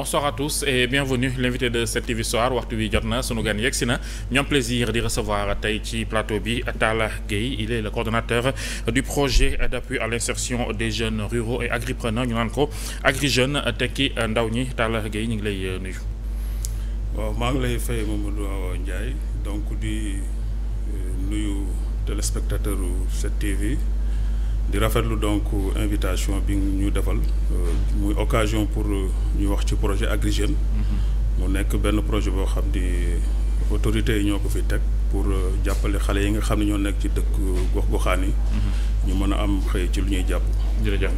bonsoir à tous et bienvenue l'invité de 7TV Soir waxtu wi jot na sunu gan yegsi na ñoom plaisir di recevoir tey ci plateau bi Talla Gueye il est le coordonnateur du projet d'appui à l'insertion des jeunes ruraux et agripreneurs ñu naan ko Agri Jeunes tekki ndaw ñi Talla Gueye ñu ngi lay euh, nuyu. waaw maa ngi lay fay Mamadou Ndiaye donc di euh, nuyu téléspectateur 7TV. di rafetlu donc invitation bi ñu defal euh, muy occasion pour ñu wax ci projet Agri Jeunes mm-hmm. mu nekk benn projet boo xam ni autorités yi ñoo ko fi teg pour euh, jàppale xale yi nga xam ne ñoo nekk ci dëkk gox goxaan yi. Mhm. ñu mën a am xëy ci lu ñuy jàpp.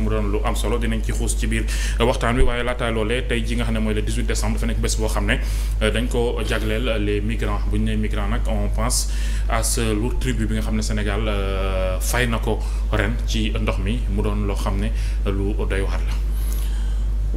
mu doon lu am solo dinañ ci xuus ci biir waxtaan wi waaye laataa loolee tey ji nga xam ne mooy le 18 décembre dafa nekk bés boo xam ne euh, dañ ko jagleel les migrants bu ñu nee migrants nag on pense à ce lourd tribut bi nga xam ne Sénégal euh, fay na ko ren ci ndox mi mu doon loo xam ne lu doy waar la.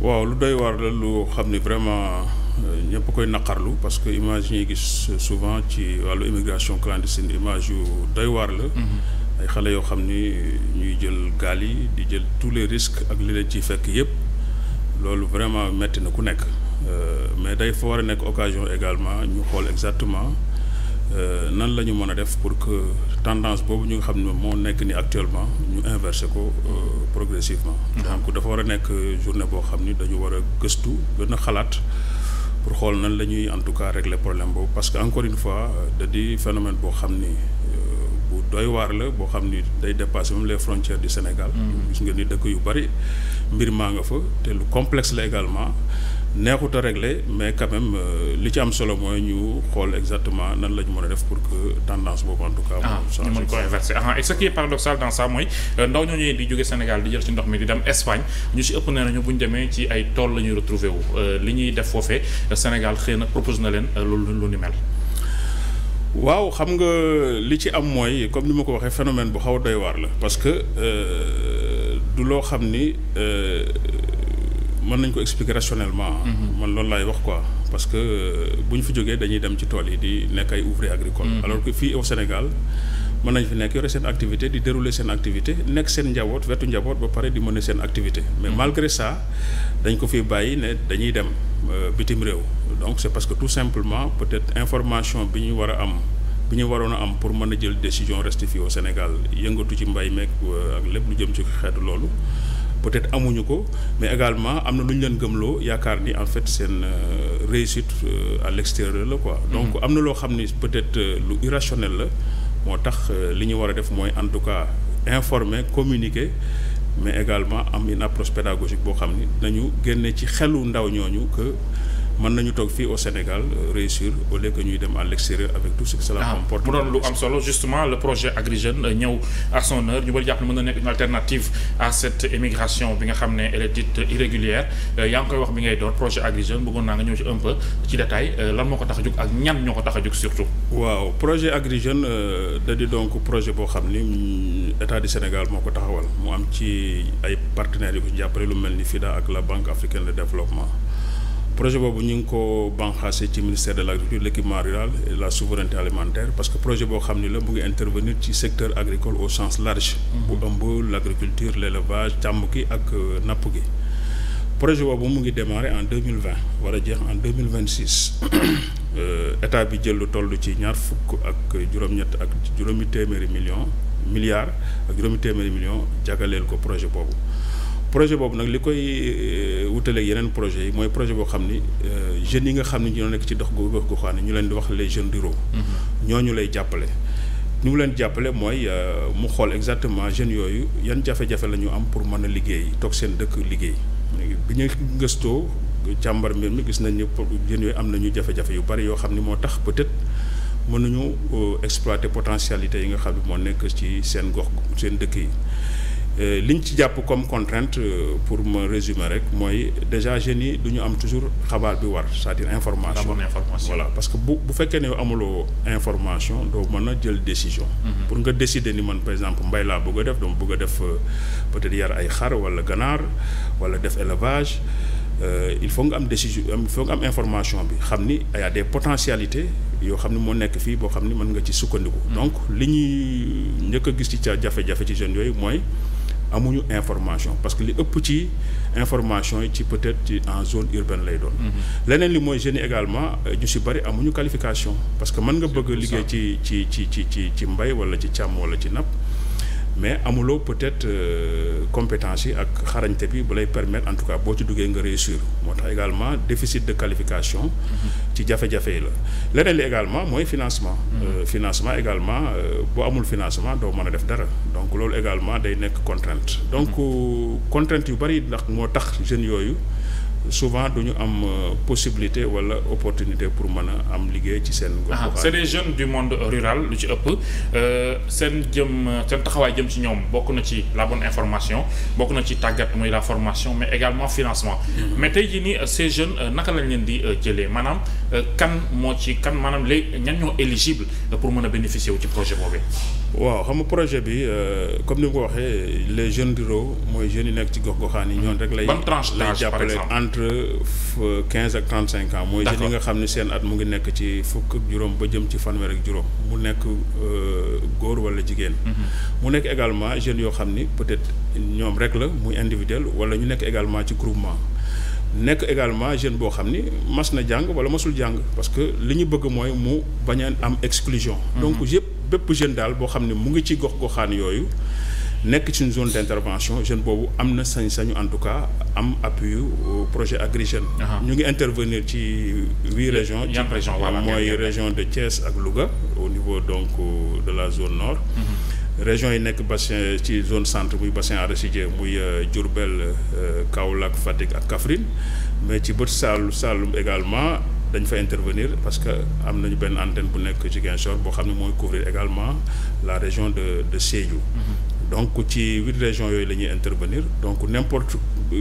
waaw lu doy waar la lu xam ne vraiment. Euh, ñëpp koy naqarlu parce que image ñuy gis souvent ci wàllu immigration clandestine image yu doy waar la. Mm-hmm. ay xale yoo xam ni ñuy jël gaal di jël tous les risques ak li leen ciy fekk yëpp loolu vraiment metti na ku nekk euh, mais day fa war a nekk occasion également ñu xool exactement euh, nan la ñu mën a def pour que tendance boobu ñu nga xam ne moo nekk ni actuellement ñu inversé ko progressivement. Mm-hmm. donc dafa war a nekk journée boo xam ni dañu war a gëstu gën a xalaat. pour xool nan la en tout cas régler problème boobu parce que encore une fois euh, da di phénomène boo xam ni euh, bu doy waar la boo xam ni day dépasser même les frontières du Sénégal. Mm. gis nga ni dëkk yu bari mbir maa nga fa te lu complexe la également. neexut a régler mais quand même euh, li ci am solo mooy ñu xool exactement nan la ñu mën a def pour que tendance boobu en tout cas. Ah, mu mën ko inversé ah et ce qui est paradoxal dans ça mooy euh, ndaw ñooñu di jóge Sénégal di jël ci ndox mi di dem Espagne ñu si ëpp nee nañu bu ñu demee ci ay tool la ñuy retrouver wu euh, li ñuy def foofe Sénégal xëy na propose na leen loolu lu ni mel. waaw xam nga li ci am mooy comme ni ma ko waxee phénomène bu xaw a doy waar la parce que du loo xam ni. mën nañ ko expliquer rationnellement. Mhm. man loolu laay wax quoi parce que euh, bu ñu fi jógee dañuy dem ci tool yi di nekk ay ouvrier agricole. Mhm. alors que fii au Sénégal mën nañ fi nekk yore seen activité di dérouler seen activité nekk seen njaboot wetu njaboot ba pare di mener seen activité. mais mhm. malgré ça dañ ko fi bàyyi ne dañuy dem euh, bitim réew. donc c'est parce que tout simplement peut-être information bi ñu war a am. bi ñu waroon a am pour mën a jël décision reste fii Sénégal yëngatu ci mbay meeg euh, ak lépp lu jëm ci xeetu loolu peut-être amuñu ko mais également am na lu ñu leen gëmloo yaakaar ni en fait seen euh, réussite euh, à l'extérieur la quoi donc mm-hmm. am na loo xam ni peut-être euh, lu irrationnel la moo tax li ñu war a def mooy en tout cas informer communiquer mais également am une approche pédagogique boo xam ni dañu génne ci xelu ndaw ñooñu que mën nañu toog fii au Sénégal euh, réussir au lieu que ñuy dem à l'extérieur avec tout ce que ah, comporte. mu doon lu am solo justement le projet Agri Jeunes euh, ñëw à son heure ñu bari jàpp ne mën na nekk une alternative à cette émigration bi nga xam ne elle est dite irrégulière euh, yaa ngi koy wax bi ngay door projet Agri Jeunes bëggoon naa nga ñëw ci un peu ci détail lan moo ko tax a jóg ak ñan ñoo ko tax a jóg surtout. waaw projet Agri Jeunes da di donc projet boo xam ni état du Sénégal moo ko taxawal mu ci ay partenaires yu ko jàppale lu mel ni FIDA ak la Banque africaine de développement. projet boobu ñu ngi ko banxaase ci ministère de l' agriculture l' équipement rural et la souveraineté alimentaire parce que projet boo xam ni la mu ngi intervenir ci secteur agricole au sens large. bu mhm. ëmb l' agriculture l' élevage càmm gi ak euh, napp gi. projet boobu mu ngi démarré en deux mille vingt war a jeex en deux mille euh, état bi jël lu toll ci ñaar fukk ak juróom-ñett ak juróomi téeméeri millions milliards ak juróomi téeméeri millions jagaleel ko projet boobu projet boobu nag li koy. Euh, wutaleeg yeneen projet yi mooy projet boo xam ni euh, jeunes yi nga xam ni ñoo nekk ci dox gu gox gu xaani ñu leen di wax les jeunes mm-hmm. ñoo ñu lay jàppale. ñu leen jàppale mooy euh, mu xool exactement jeunes yooyu yan jafe-jafe la ñu am pour mën a liggéey toog seen dëkk liggéey bi ñu gëstoo càmbar mbir mi gis nañ ne jeunes yooyu am nañu jafe-jafe yu bari yoo xam ni moo tax peut-être nañu euh, exploiter potentialité yi nga xam moo nekk ci seen gox seen dëkk yi. Euh, li ñu ci jàpp comme contrainte euh, pour me résumer rek mooy déjà jeunes yi du ñu am toujours xabaar bi war cest information. la parce que bu bu fekkee ne amuloo information doo mën a jël décision. Mhm. pour nga décider ni man par exemple mbay laa bëgg a def dama bëgg a def euh, peut-être yar ay xar walla ganaar walla def élevage. Euh, il faut nga am décision il faut am information bi xam ni y a des potentialités yoo xam ni moo nekk fii boo xam ni mën nga ci sukkandiku. Mhm. donc li ñuy njëkk a gis ci ca ci jeunes yooyu mooy. amuñu information parce que li ëpp ci information yi ci peut-être ci en zone urbaine lay doon. Mhm. leneen li mooy jeunes également euh, ñu si bari amuñu qualification. parce que mën nga bëgg liggéey ci ci ci ci ci ci mbay wala ci càmm wala ci napp. mais amuloo peut-être euh, compétence yi ak xarañte bi bu lay permettre en tout cas boo ci duggee nga réussir moo tax également déficit de qualification ci jafe-jafe yi la leneen li également mooy financement mm-hmm. euh, financement également euh, boo amul financement doo mën a def dara donc loolu également day nekk contrainte donc mm-hmm. contrainte yu bari ndax moo tax jeunes yooyu souvent du ñu am euh, possibilité wala opportunité pour mën a am liggéey ci seen. gox c'est des jeunes du monde rural lu ci ëpp euh, seen jëm seen taxawaay jëm ci ñoom bokk na ci la bonne information bokk na ci tàggat muy la formation mais également financement. Mhm. mais tey jii nii euh, ces jeunes naka lañ leen di jëlee maanaam kan moo ci kan maanaam léegi ñan ñoo éligible pour mën a bénéficier wu ci projet boobee. waaw xam nga projet bi euh, comme ni ma ko waxee les jeunes ruraux mooy jeunes yi nekk ci gox-goxaan yi. ñoom rek lay lay jàppale entre quinze ak trente cinq ans. mooy jeunes yi nga xam ni seen at mu ngi nekk ci fukk juróom ba jëm ci fanweer ak juróom mu nekk euh, góor wala jigéen. Mhm. mu nekk également jeunes yoo xam ni peut-être ñoom rek la mu individuel wala ñu nekk également ci groupement. nekk également jeune boo xam ni mas na jàng wala masul jàng parce que li ñu bëgg mooy mu bañ a am exclusion. Mhm. donc yëpp. bépp jeune daal boo xam ne mu ngi ci gox goxaan yooyu nekk ci une zone d' intervention jeune boobu am na sañ-sañu en tout cas am appui euh, projet Agri Jeunes. ñu ngi intervenir ci huit régions. yan région voilà mooy région de Thiès ak luga au niveau donc euh, de la zone nord. Mhm. région yi nekk bassin ci zone centre muy bassin arachidier muy euh, Diourbel Kaolack Fatick ak Kaffrine mais ci bët Saalum Saalum également. dañ fa intervenir parce que am nañu benn antenne bu nekk Ziguinchor boo xam ne mooy couvrir également la région de de Sédhiou. Mm-hmm. donc ci huit régions yooyu la ñuy intervenir donc n'importe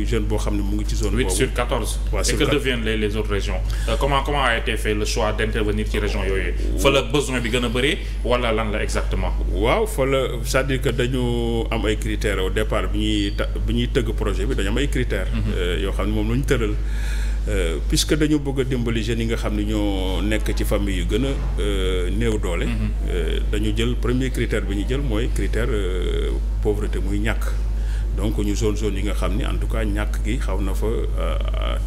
jeune boo xam ne mu ngi ci zone boobu. huit sur quatorze. waaw que deviennent les les autres régions. Euh, comment comment a été fait le choix d'intervenir ci région yooyu. fa la besoin bi gën a bëri wala lan la exactement. waaw fa la cest que dañu am ay critères au départ bi ñuy ta bi ñuy tëgg projet bi dañu am ay mm-hmm. euh, yoo xam ne moom la ñu tëral. Euh, puisque dañu bëgg a dimbali jeunes yi nga xam ne ñoo nekk ci famille yu gën a euh, néew doole. Mm-hmm. Euh, dañu jël premier critère bi ñu jël mooy critère pauvreté muy ñàkk. donc ñu zone zone yi nga xam ni en tout cas ñàkk gi xaw na fa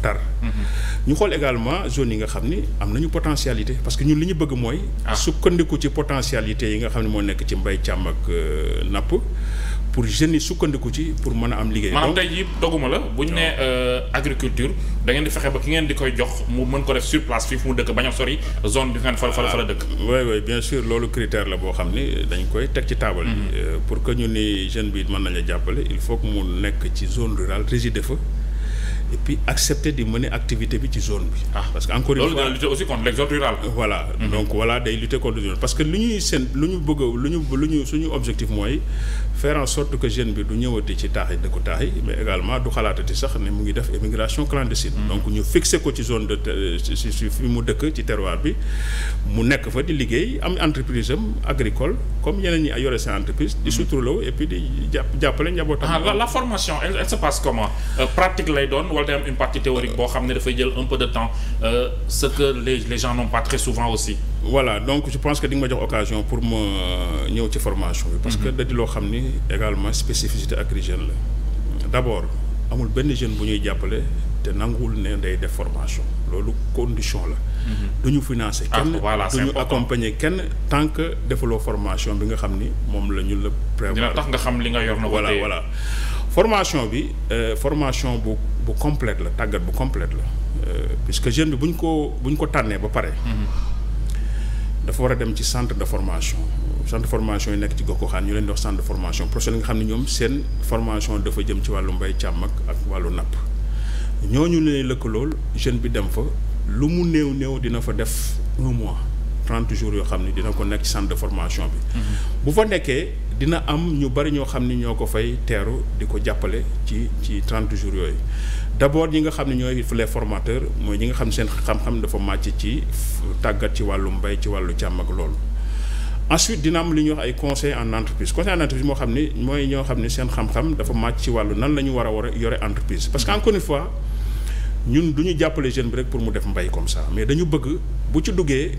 tar. Mm-hmm. ñu xool également zone yi nga xam ni am nañu potentialité parce que ñun li ñu bëgg mooy. Ah. sukkandiku ci potentialité yi nga xam ne moo nekk ci mbay càmm ak napp. pour jeunes yi sukkandiku ci pour mën a am liggéey. maanaam tey jii doguma la bu ñu nee euh, agriculture dangeen di fexe ba ki ngeen di koy jox mu mën ko def sur place fii fu mu dëkk bañ a sori zone bi nga xam ne fa fa la dëkk. Ah, oui oui bien sûr loolu critère la boo xam ni dañ koy teg ci taabal bi. Mhm. Euh, pour que ñu ni jeune bi mën nañu jàppale il faut que mu nekk ci zone rurale résider fa. et puis accepter di mener activité bi ci zone bi. ah parce que encore une fois loolu lutter aussi contre l'exode rural. voilà mmh. donc voilà day lutter contre l'exode parce que lu ñuy seen lu ñu bëgg lu ñu lu ñu suñu objectif mooy faire sort sorte jeune bi du ñëwati ci taax yi dëkku taax yi mais également du xalaatati sax ne mu ngi def émigration clandestine. Mhm. donc ñu fixé ko ci zone de ci ci fi mu dëkk ci terroir bi mu nekk fa di liggéey am entreprise am agricole comme yeneen ñi ay yore seen entreprise. di mhm. suturloo et puis di jàpp jàppale ah, la formation elle, elle euh, lay doon. dogal day am une partie boo xam ne dafay jël un peu de temps euh, ce que les gens n'ont très souvent aussi. voilà donc je pense que di nga ma jox occasion pour ma euh, ñëw ci formation bi. parce que mm-hmm. da di loo xam ni également spécificité Agri Jeunes la. d' abord amul benn jeune bu ñuy jàppale te nanguwul ne day def formation loolu condition la. Mm-hmm. du ñu financer ah, kenn du ñu accompagner kenn tant que defaloo formation bi nga xam ni moom la ñu la. prévoir dina tax nga xam li nga yor na voilà voilà. formation bi euh, formation bu bu complète la tàggat bu complète la euh, puisque jeune bi bu ñu ko buñ ko tànnee ba pare. dafa war a dem ci centre de formation centre de formation yi nekk ci gox-goxaan ñu leen dox wax centre de formation professionnels yi nga xam ne ñoom seen formation dafa jëm ci wàllu mbay càmm ak ak wàllu napp ñooñu lay lëkkalool jeune bi dem fa lu mu néew néew dina fa def un mois trente jours yoo xam ne dina ko nekk ci centre de formation bi. Mhm. bu fa nekkee. dina am ñu bari ñoo xam ni ñoo ko fay teeru di ko jàppale ci ci 30 jours yooyu d'abord ñi nga xam ne ñooy les formateur mooy ñi nga xam seen xam-xam dafa màcc ci tàggat ci wàllu mbay ci wàllu càmm ak loolu. ensuite dina am lu ñuy wax ay conseil en entreprise conseil moo xam ni mooy ñoo xam ni seen xam-xam dafa màcc ci wàllu nan lañu ñu war a war a yore entreprise. parce que encore une fois ñun du ñu jàppale jeune bi rek pour mu def mbay comme ça mais dañu bëgg bu ci duggee.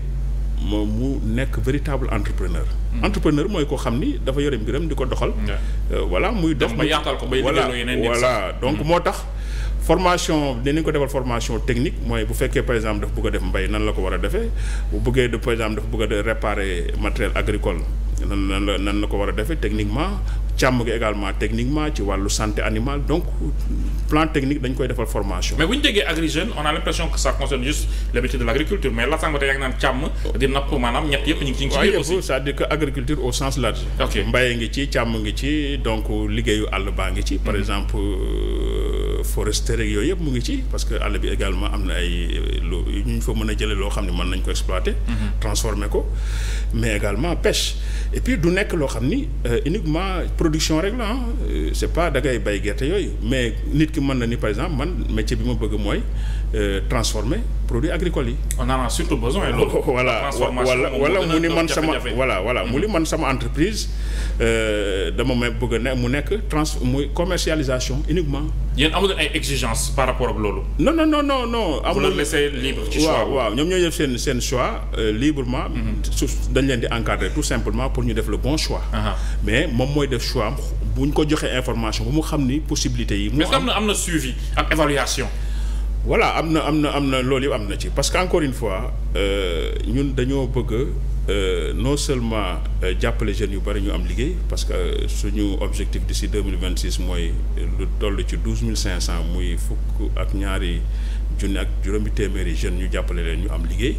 moom mu nekk véritable entrepreneur. Hmm. entrepreneur mooy koo xam ni dafa yore mbiram di ko doxal. Euh, voilà muy def ma yaatal ko bay voilà donc hmm. moo tax. formation dinañ ko defal formation technique mooy bu fekkee par exemple dafa bëgg a def mbay nan la ko war a defee bu bëggee de par exemple dafa bëgg a réparer matériel agricole nan nan la nan la ko war a defee techniquement càmm gi également techniquement ci wàllu santé animale donc plan technique dañ koy defal formation. mais bu ñu déggee Agri Jeunes on a mais la sànq tey yaa ngi naan càmm di napp maanaam ñett yëpp ñu ngi ci ñu ci biir aussi cest ngi ci càmm ngi ci donc liggéeyu àll baa ngi ci. par mhm. exemple euh, foresterie yooyu yëpp mu ngi ci parce que àll bi également am na ay euh, lu ñu fa mën a jëlee loo xam ne mën nañ ko exploiter. Mhm. transformer ko mais également pêche et puis du nekk loo xam ni euh, uniquement production rek la ah c'est pas dangay bay gerte yooyu ki mën na ni par exemple man métier bi ma bëgg mooy euh, transformer produits agricoles yi. on en a surtout besoin loolu. voilà wala wala mu ni man sama voilà voilà mu ni mm-hmm. man sama entreprise euh, dama may bëgg a mu nekk trans muy commercialisation uniquement. yéen amul ay exigences par rapport ak loolu. non non non non non. amul vous laissez waaw waaw ñoom ñooy def seen seen choix euh, librement. Mm-hmm. su dañ leen di encadrer tout simplement pour ñu def le bon choix. Uh-huh. mais moom mooy def choix bu ñu ko joxee information bu mu xam ni possibilité yi. mu am mais am na suivi ak évaluation. voilà am na am na am na loolu am na ci parce que encore une fois euh, ñun dañoo bëgg euh, no seulement euh, jàppale jeune yu bari ñu am liggéey parce que suñu objectif d'ici deux mille vingt six mooy lu toll ci douze mille cinq cent muy fukk ak ñaari junni ak juróomi téeméeri jeunes ñu jàppale leen ñu am liggéey.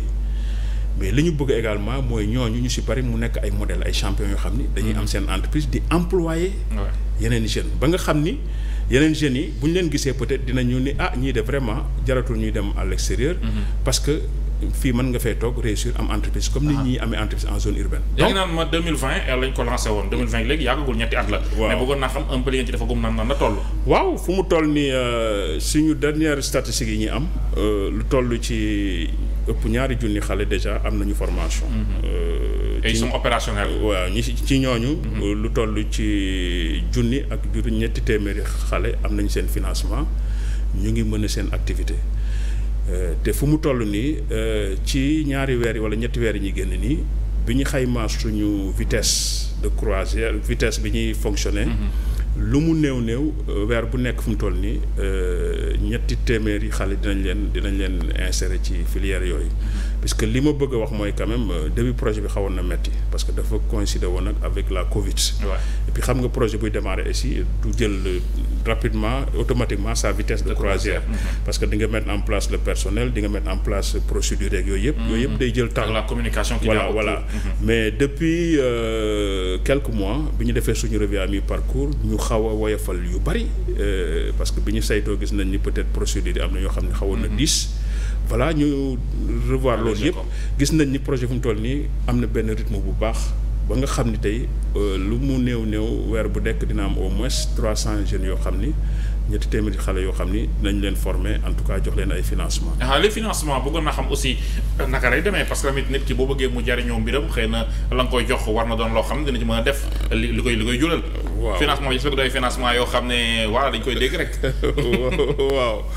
mais li ñu bëgg également mooy ñooñu ñu si bari mu nekk ay modèle ay champion yoo xam ni dañuy am mm-hmm. seen entreprise di employé yeneen jeunes ba nga xam ni yeneen jeunes yi bu ñu leen gisee peut-être dinañu ni ah ñii de vraiment jaratul ñuy dem à l'extérieur mm-hmm. parce que fii mën nga fee toog réussir am entreprise comme ni ah. ñuy amee entreprise en zone urbaine. donc léegi naan ma 2020 eh, lañ ko lancé woon 2020 léegi yàggagul ñetti at la. waaw mais bëggoon naa xam un peu dafa gum naan naan la waaw fu mu toll nii euh, suñu dernière statistique yi ñu am euh, lu toll ci ëpp ñaari junni xale déjà am nañu formation. Mhm. Euh, et ils sont opérationnels. waaw ñi ci ñooñu. Mhm. Euh, lu toll ci junni ak juróom ñetti téeméeri xale am nañu seen financement ñu ngi mën a seen activité euh, te fu mu toll nii ci ñaari weer yi wala ñetti weer yi ñuy génn nii bi ñu xaymaa suñu vitesse de croisière vitesse bi ñuy fonctionner. Mhm. lu mu néew néew euh, weer bu nekk fu mu toll nii euh, ñetti téeméeri xale dinañ leen dinañ leen insérer ci filière yooyu. Mm-hmm. puisque li ma bëgg a wax mooy quand même euh, début projet bi xawoon na metti parce que dafa coïncider woon ak avec la Covid. et xam nga projet buy démarrer ici du jël rapidement automatiquement sa vitesse de croisière parce que dinga nga mettre en place le personnel di nga mettre en place procédure yooyu yëpp mhm. yooyu yëpp day jël temps la communication voilà voilà mhm. mais depuis euh, quelque mois bi ñu defee suñu revue à mi-parcours ñu xaw a woyofal yu bari euh, parce que bi ñu saytoo gis nañ ni peut-être procédure yi am na yoo xam ne xawoon na mhm. diis voilà ñu revoir loolu yëpp gis nañ ni projet fu mu toll nii am na benn rythme bu baax ba nga xam ni tey euh, lu mu néew néew weer bu nekk dina am au moins trois cent yoo xam ni ñetti téeméeri xale yoo xam ni nañ leen former en tout cas jox leen ay financement ah les financement bëggoon na xam aussi euh, naka lay demee parce que tamit nit ki boo bëggee mu jariñoo mbiram xëy na la nga koy jox war na doon loo xam ne dina ci mën a def li li koy li koy jural waaw financement bi su yoo xam ne voilà dañ koy dégg rek waaw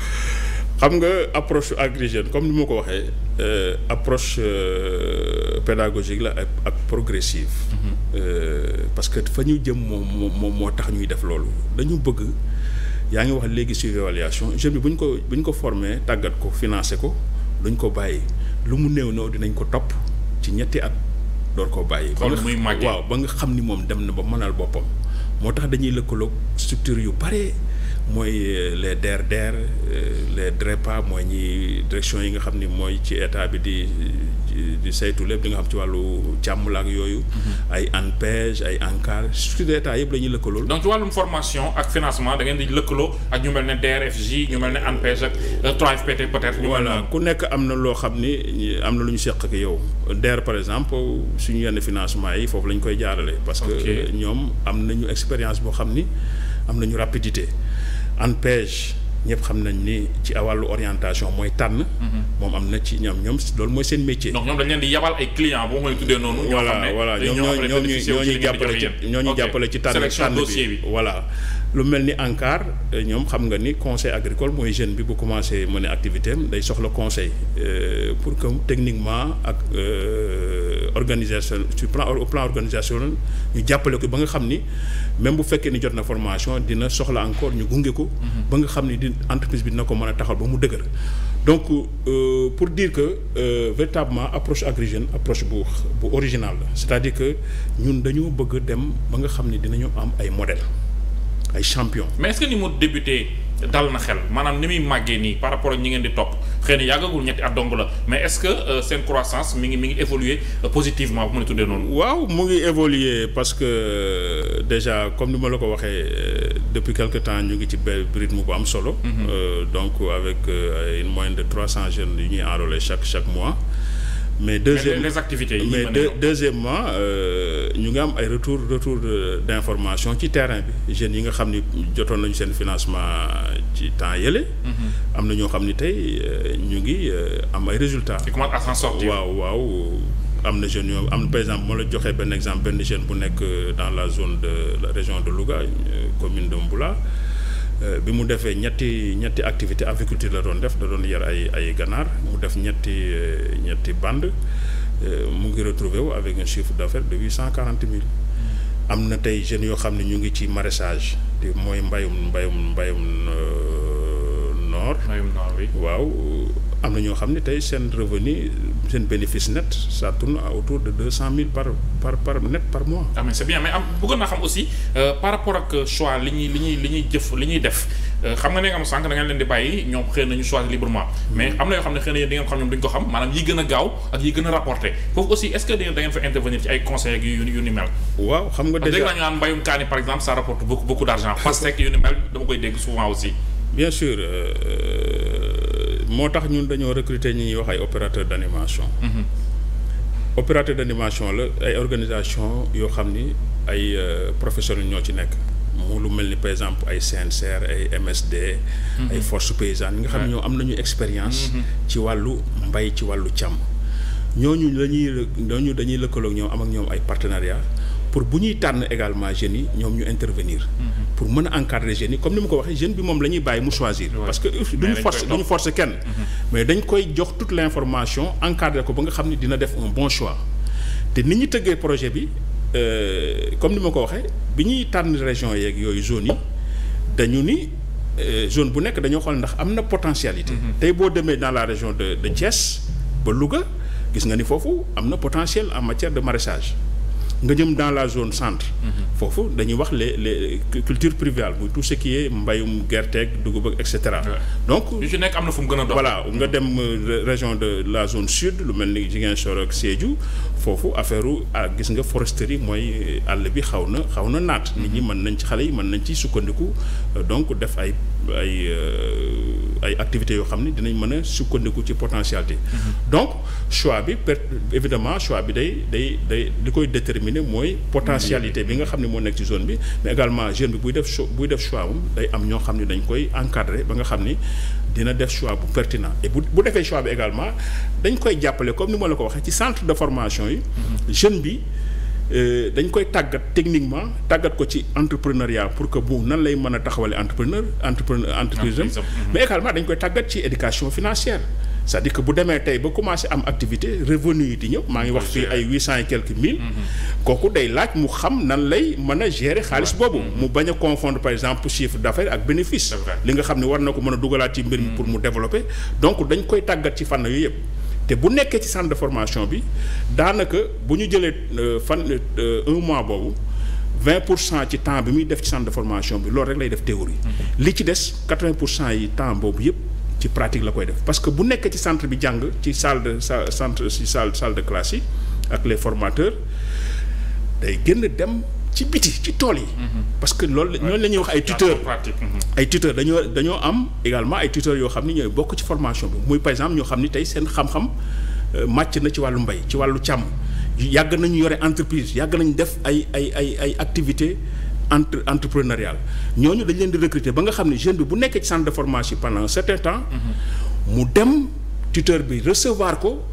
xam nga approche Agri Jeunes comme ni ma ko waxee euh, approche euh, pédagogique la ak ak progressive. Mm-hmm. Euh, parce que fa ñu jëm moom moom moo tax ñuy def loolu dañu bëgg yaa ngi wax léegi surévaluation jeune bi bu ñu ko bu ko formé tàggat ko financé ko duñ ko bàyyi lu mu néew néew dinañ ko topp ci ñetti at door koo bàyyi. ba nga waaw ba nga xam ni moom dem na ba mënal boppam moo tax dañuy lëkkaloog structure yu bare. mooy euh, les DRDR euh, les DREPA mooy ñi direction yi nga xam ni mooy ci état bi di di saytu lépp di nga xam ci wàllu càmm la ak yooyu. Mm-hmm. ay ANPEJ ay ANCAR surtout état yëpp la ñuy lëkkaloo. donc ci wàllum formation ak financement da ngeen di lëkkaloo ak ñu mel ne DRFJ ñu mel ne ANPEJ ak 3FPT euh, peut-être. voilà ku nekk am na loo xam ni am na lu ñu seq ak yow. DER par exemple suñu yenn financement yi foofu la ñu koy jaarale. parce que ñoom am nañu expérience boo xam ni am nañu rapidité. ANPEJ ñëpp xam nañ ni ci awallu orientation mooy tànn. Mm-hmm. moom am na ci ñoom ñoom loolu mooy seen métier. donc ñoom dañ leen di yabal ay clients boo may tuddee noonu. ñoo xam ne ñoo ñuy jàppale ci ñoo ñu jàppale ci tànn tànn bi voilà. lu mel ni ANCAR euh, ñoom xam nga ni conseil agricole mooy jeune bi bu commencé ne activité am day soxla conseil euh, pour que techniquement ak euh, organisation sur plan au ñu jàppale ko ba nga xam ni même bu fekkee ni jot na formation dina soxla encore ñu gunge ko. Mhm. ba nga xam ni di entreprise bi dina ko mën a taxal ba mu dëgër. donc euh, pour dire que euh, véritablement approche Agri Jeunes approche bu bu originale la c'est-à-dire que ñun dañoo bëgg dem ba nga xam ni dinañu am ay modèles. ay champion mais est ni mu débuté dal na xel maanaam ni muy màggee nii par rapport ñi ngeen di topp xëy na yàggagul ñetti at dong la mais est que euh, seen croissance mi ngi mi ngi évoluer euh, positivement bu ma la tuddee noonu. waaw mu ngi évoluer parce que euh, déjà comme ni ma la ko waxee depuis quelque temps ñu ngi ci benn mu ko am solo. Mhm. donc avec une moyenne de trois cents jeunes yu ñuy enrôler chaque chaque mois. mais deuxième les activités yi mais deux deuxièmement euh, ñu ngi am ay retour retour d' information ci terrain bi jeunes yi nga xam ni jotoon nañu seen financement ci temps yële. Mhm. am na ñoo xam ni tey euh, ñu ngi euh, am ay résultat à s'en waaw waaw. am na jeunes yoo am par exemple moo la joxee benn exemple benn jeune bu nekk dans la zone de région de Louga commune de Mboula. Euh, bi mu defee ñetti ñetti activité aveculture la doon def da doon yar ay ay ganaar mu def ñetti euh, ñetti bande euh, mu ngi retrouvé wu avec un chiffre d'affaires de huit cent quarante mille am na tey jeunes yoo xam ne ñu ngi ci maraîchage te mooy mbayum mbayum mbayum noor waaw am na ñoo xam ne tey seen revenu seen bénéfice net ça tourne autour de deux cent mille par par par net par mois. ah mais bien mais am bëggoon naa xam aussi euh, par rapport ak choix li ñuy li ñuy jëf li ñuy def euh, xam nga ne am sànq da leen di bàyyi ñoom xëy na ñu librement. mais am na yoo xam ne xëy na yéen xam ñoom duñ ko xam maanaam yi gën a gaaw ak yi gën a rapporté foofu aussi est-ce que da fa intervenir ci ay conseils yu yu ni mel. waaw xam nga déjà dégg naa moo tax ñun dañoo recruter ñi ñuy wax ay opérateur d' animation. Mm-hmm. opérateur d' animation la ay organisation yoo xam ni ay euh, professionnels ñoo ci nekk. mu lu mel ni par exemple ay CNCR ay MSD. Mm-hmm. ay forces paysannes nga xam ne ñoo am nañu expérience. Mm-hmm. ci wàllu mbay ci wàllu càmm. ñooñu la ñuy ñooñu dañuy lëkkaloo ñoom am ak ñoom ay partenariat pour bu ñuy tànn également jeunes yi ñoom ñu intervenir. Mm-hmm. pour mën a encadrer jeunes yi comme ni mu ko waxee jeune bi moom la ñuy bàyyi mu choisir. parce que duñu force duñu kenn. Mm-hmm. mais dañ koy jox toute l' information encadrer ko ba nga xam ni dina def un bon choix te nit ñi tëggee projet bi euh, comme ni ma ko waxee bi ñuy tànn région yeeg yooyu zone yi dañu ni. Euh, zone bu nekk dañoo xool ndax am na potentialité. Mm-hmm. tey boo demee dans la région de de Thiès ba Louga gis nga ni foofu am na potentiel matière de maraîchage. nga jëm dans la zone centre. Mm-hmm. foofu dañuy wax le les culture pluviales muy tout ce qui est mbayum gerteeg dugub ak et cetera. donc yu ci nekk am na fu mu gën a dox. voilà nga dem euh, région de la zone sud lu mel ni Ziguinchor ak Sédhiou foofu affaire ah gis nga foresterie mooy euh, àll bi xaw na xaw na naat. Mm-hmm. nit ñi mën nañ ci xale yi mën nañ ci sukkandiku euh, donc def ay. ay euh, ay activités yoo xam ne dinañ mën a sukkandiku ci potentialité. Mm-hmm. donc choix bi per évidemment choix bi day day day li koy déterminer mooy. potentialité bi nga xam ne moo nekk ci zone bi. mais également jeune bi buy def cho buy def choix am day am ñoo xam ne dañ koy encadrer ba nga xam ni dina def choix bu pertinent bu bu defee choix bi également dañ koy jàppale comme ni ma la ko waxee ci centre de formation yi. Mm-hmm. jeune bi. Euh, dañ koy tàggat techniquement tàggat ko ci entrepreneuriat pour que bu nan lay mën a taxawale entrepreneur entrepreneur entreprise mais également dañ koy tàggat ci éducation financière c'est-à-dire que bu demee tey ba commencé am activité revenu yi di ñëw maa ngi wax fii ay huit cent et quelques mille kooku day laaj mu xam nan lay mën a gérer xaalis boobu mm-hmm. mu bañ a confondre par exemple chiffre d'affaires ak bénéfice li nga xam ne war na ko mën a dugalaat ci mbir pour mu mm-hmm. développer donc dañ koy tàggat ci fànn yooyu yëpp te bu nekkee ci centre de formation bi daanaka bu ñu jëlee euh, fan euh, un mois boobu vingt pour cent ci temps bi muy def ci centre de formation bi loolu rek lay def théorie mm-hmm. li ci des quatre pour cent yi temps boobu yëpp ci pratique la koy def parce que bu nekkee ci centre bi jàng ci salle de centre ci salle salle de classe yi ak les formateurs day génn dem ci biti ci tool yi. Mhm. parce que loolu ñooñu la ñuy wax ay tuteurs. Mhm. ay tuteurs dañoo dañoo am également ay tuteurs yoo xam ni ñooy bokk ci formation bi muy par exemple ñoo xam ni tey seen xam-xam euh, màcc na ci wàllu mbay ci wàllu càmm yàgg nañu yore entreprise yàgg nañu def ay ay ay ay activités. entre entrepreneurial ñooñu dañ leen di recruter ba nga xam ne jeune bi bu nekkee ci centre de formation pendant un certain temps. Mhm. mu dem tuteur bi recevoir ko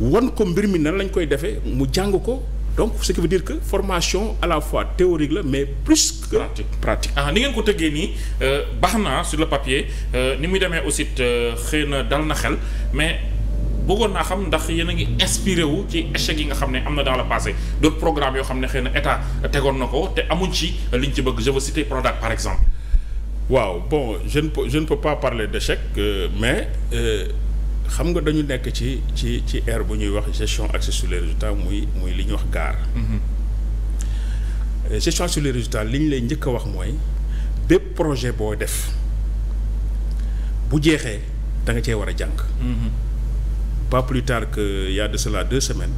wan ko mbir mi nan lañ koy defee mu jàng ko donc ce qui veut dire que formation à la fois théorique la mais plus que pratique ah ni ngeen ko tëggee nii euh, baax na sur le papier euh, ni muy demee aussi euh, xëy na dal na xel mais bëggoon naa xam ndax yéen a ngi inspiré wu ci échec yi nga xam ne am na dans le passé d'autres programmes yoo xam ne xëy na état tegoon na ko te amuñ ci liñ ci bëgg je veux citer Prodac par exemple waaw bon je ne peux je ne peux pas parler d'échec euh, mais euh, xam nga dañu nekk ci ci ci ère bu ñuy wax gestion axée sur les muy muy li ñuy wax gaar mm-hmm. euh, gestion sur les résultats li ñu lay njëkk a wax mooy bépp projet boo def bu jeexee danga cee war a jàng mm-hmm. pas plus tard que il y la de cela deux semaines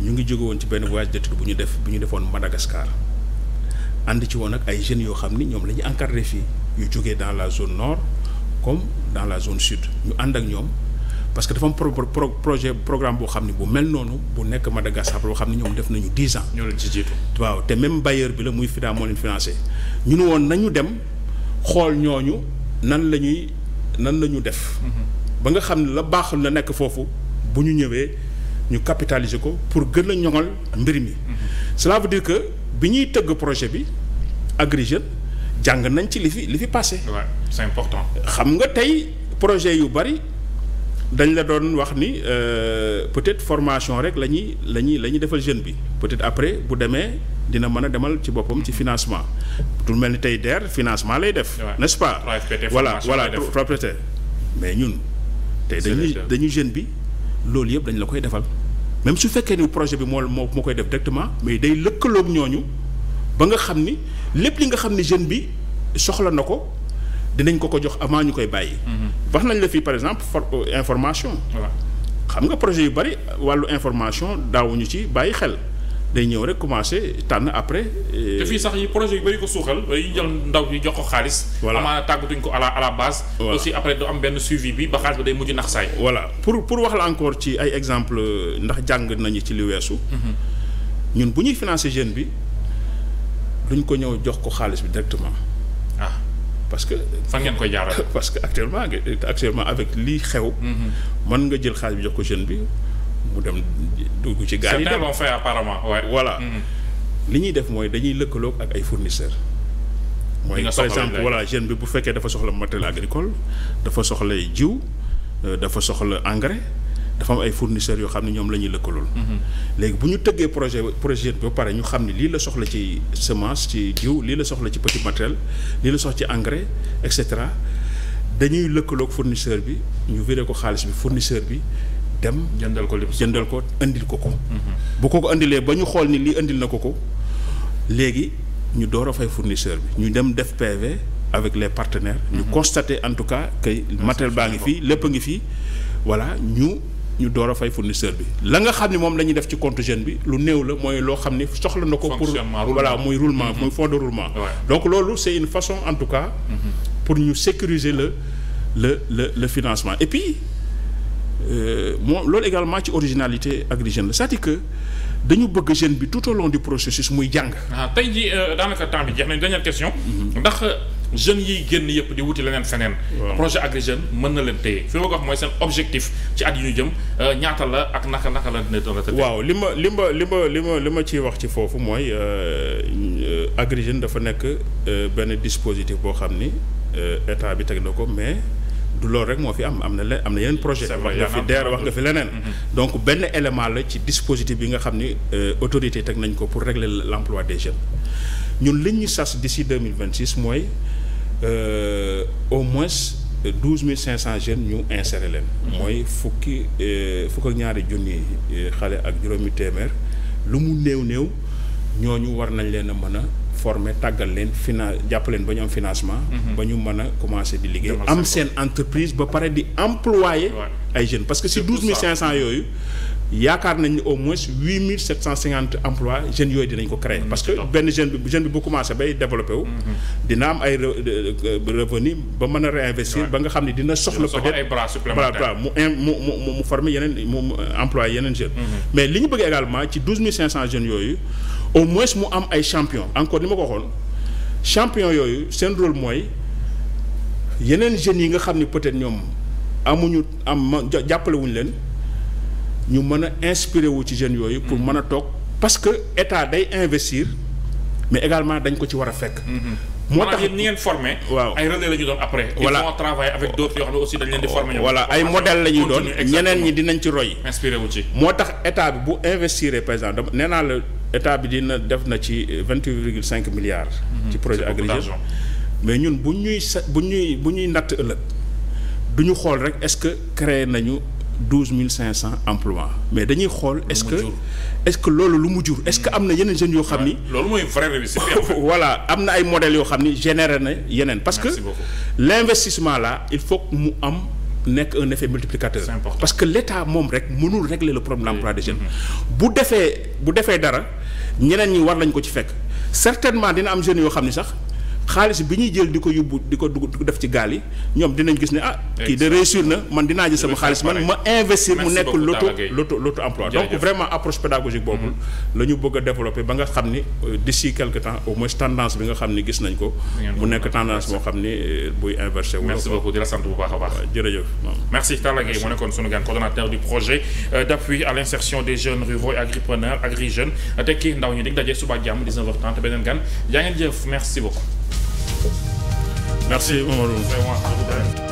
ñu ngi jóge woon ci benn voyage d'étude bu ñu def bu ñu defoon Madagascar ànd ci woon ak ay jeunes yoo xam ni ñoom la ñu encadré fii yu jógee dans la zone nord comme dans la zone sud ñu ànd ak ñoom parce que dafa am pro projet programme boo xam ne bu mel noonu bu nekk Madagascar boo xam ne ñoom def nañu dix ans. ñoo leen ci jiitu. waaw te même bailleur bi la muy FIDA moo leen ñu ne woon nañu dem xool ñooñu nan la ñuy nan la ñu def. Mm-hmm. ba nga xam ne la baaxul la nekk foofu bu ñu ñëwee ñu capitaliser ko pour gën a ñoŋal mbir mi. Mm-hmm. cela veut dire que bi ñuy tëgg projet bi Agri Jeunes jàng nañ ci li fi li fi passé. waaw c'est xam nga tey projet yu bari dañ la doon wax ni euh, peut-être formation rek la ñuy la ñuy la ñuy defal jeune bi peut-être après bu demee dina mën a demal ci boppam ci financement. du mel ni tey DER financement lay def. n'est-ce pas. voilà voilà propriété mais ñun. tey dañuy dañuy jeune bi loolu yëpp dañ la koy defal. même su fekkee ni projet bi moo moo koy def directement mais day lëkkaloog ñooñu. ba nga xam ni lépp li nga xam ni jeune bi soxla na ko dinañ ko ko jox avant ñu koy bàyyi. Mm-hmm. wax nañ la fii par exemple for euh, information. xam nga projet yu bari wàllu information daawuñu ci bàyyi xel. day ñëw rek commencé tànn après. Euh, te fii sax yi projet yu bëri ko suuxal dañuy jël ndaw yi jox ko xaalis. voilà amaana tàggatuñ ko à la la base. aussi après du am benn suivi bi ba xaalis ba day mujj nax saay. voilà pour pour wax encore ci ay exemple euh, ndax jàng nañu ci li weesu. Mm-hmm. ñun bu ñuy financer jeune bi. duñ ko ñëw jox ko xaalis bi directement. ah parce que. fan ngeen koy jaarale. parce que actuellement actuellement avec lii xew. Mm-hmm. mën nga jël xaalis bi jox ko jeune bi mu dem dugg ci. gaal yi dem certains fait apparemment mm-hmm. li ñuy def mooy dañuy lëkkaloog ak ay fournisseurs. mooy par exemple voilà jeune bi bu fekkee dafa soxla matériel agricole dafa soxla jiw euh, dafa soxla engrais. dafa am ay fournisseurs yoo xam ne ñoom la ñuy lëkkalool. léegi bu ñu tëggee projet projet bi ba pare ñu xam ne lii la soxla ci semence ci jiw lii la soxla ci petit matériel lii la soxla ci engrais et cetera dañuy lëkkaloog fournisseur bi ñu viré ko xaalis bi fournisseur bi. dem jëndal ko jëndal ko indil ko ko. Mhm. bu ko ko indilee ba ñu xool ni lii indil na ko ko léegi ñu door fay fournisseur bi. ñu dem def PV avec les partenaires. ñu mhm. constater en tout cas que ah, matériel baa ngi fii lépp a ngi fii voilà ñu door a fay fournisseur bi la nga xam ne moom la ñuy def ci compte jeune bi lu néew la mooy loo xam ni soxla na ko pour voilà muy roulement mm-hmm. muy fonds de roulement donc loolu c'est une façon en tout cas mm-hmm. pour ñu sécuriser la la le le financement et puis euh, moom loolu également ci originalité Agri Jeunes la cest que dañu bëgg jeune bi tout au long du processus muy jàng. ah tey jii euh, daanaka temps bi jeex nañu dernière question. Mm-hmm. ndax. jeunes yiy génn yëpp di wuti leneen feneen. projet Agri Jeunes mën na leen téye fi ma ko wax mooy seen objectif ci at yu ñu jëm euh, ñaata la ak naka naka la dina doon waaw li ma li ma li ma li ma ma ciy wax ci foofu mooy euh, euh, Agri Jeunes dafa nekk benn dispositif boo xam ni état bi teg na ko mais. loolu rek moo fi am am na leen am na yeneen projet wax nga fi DER wax nga leneen mm-hmm. donc benn élément la ci dispositif bi nga xam ni autorité teg nañ ko pour régler l'emploi des jeunes ñun li ñu sas d'ici deux mille vingt six mooy Euh, au moins douze mille cinq cent jeunes ñu insérer leen. mooy fukki euh, fukk ak ñaari junni euh, xale ak juróomi téeméer lu mu néew néew ñoo ñu war nañ leen a mën a former tàggal leen finan jàpp leen ba ñu am financement. Mhm. ba ñu mën a commencer di liggéey. am seen entreprise ba pare di employer. ay jeunes parce que si douze mille cinq cent yooyu. yaakaar nañ ne au moins huit mille sept cent cinquante emplois jeune yooyu dinañ ko créer parce que benn jeune bi jeune bi bu commencé bay développé wu mhm. dina am ay revenu ba mën a réinvestir ba nga xam ne dina soxla peut-être voilà mu mu mu mu former yeneen mu employé yeneen jeunes mhm. mais li ñu bëgg également ci douze mille cinq cent jeunes yooyu au moins mu am ay champion encore ni ma ko waxoon champion yooyu seen rôle mooy yeneen jeunes yi nga xam ni peut-être ñoom amuñu am jàppale wuñu leen ñu mën a inspiré wu ci jeunes yooyu. pour mën a toog parce que état day investir mais également dañ ko ci war a fekk. Mm-hmm. moo tax yéen ngeen formé. waaw ay relais la ñu doon après. voilà ils vont travailler avec d'autres yoo xam ne aussi dañ leen di former. voilà ay modèle la ñuy doon ñeneen ñi dinañ ci roy. inspiré wu ci moo tax état bi bu investir par exemple nee naa la état bi dina def na ci vingt huit virgule cinq milliards. ci mm-hmm. projet Agri Jeunes mais ñun bu ñuy sa bu ñuy bu ñuy natt ëllëg du ñu xool rek est-ce que créé nañu. douze mille cinq cent emplois mais dañuy xool est-ce que est-ce que loolu lu mu jur est-ce que am na yeneen jeunes yoo xam ni loolu mooy vrai voilà am na ay modèles yoo xam ni généré na yeneen parce que l'investissement là il faut que mu am nekk un effet multiplicateur parce que l'État moom rek mënul régler le problème de l'emploi des jeunes mm-hmm. bu defee bu defee dara ñeneen ñi war lañ ko ci fekk certainement dina am jeunes yoo xam ni sax xaalis bi ñuy jël di ko yóbbu di ko dugg def ci gaal yi ñoom dinañ gis ne ah. kii de réussir na man dinaa jël sama xaalis man ma investir mu nekk l'auto l'auto l'auto emploi donc vraiment approche pédagogique boobu mhm. la bëgg a développer ba nga xam ni euh, d'ici quelque temps au moins tendance bi nga xam ni gis nañ ko mu nekk tendance boo xam ni euh, buy inversé wu merci beaucoup di la sant bu baax a baax jërëjëf merci Talla Gueye mu nekkoon sunu gan coordonnateur du projet euh, d'appui à Agri Jeunes tekki ndaw ñi dig daje suba jàmm 19 h beneen gan yaa ngeen jëf merci beaucoup Merci, Omarou.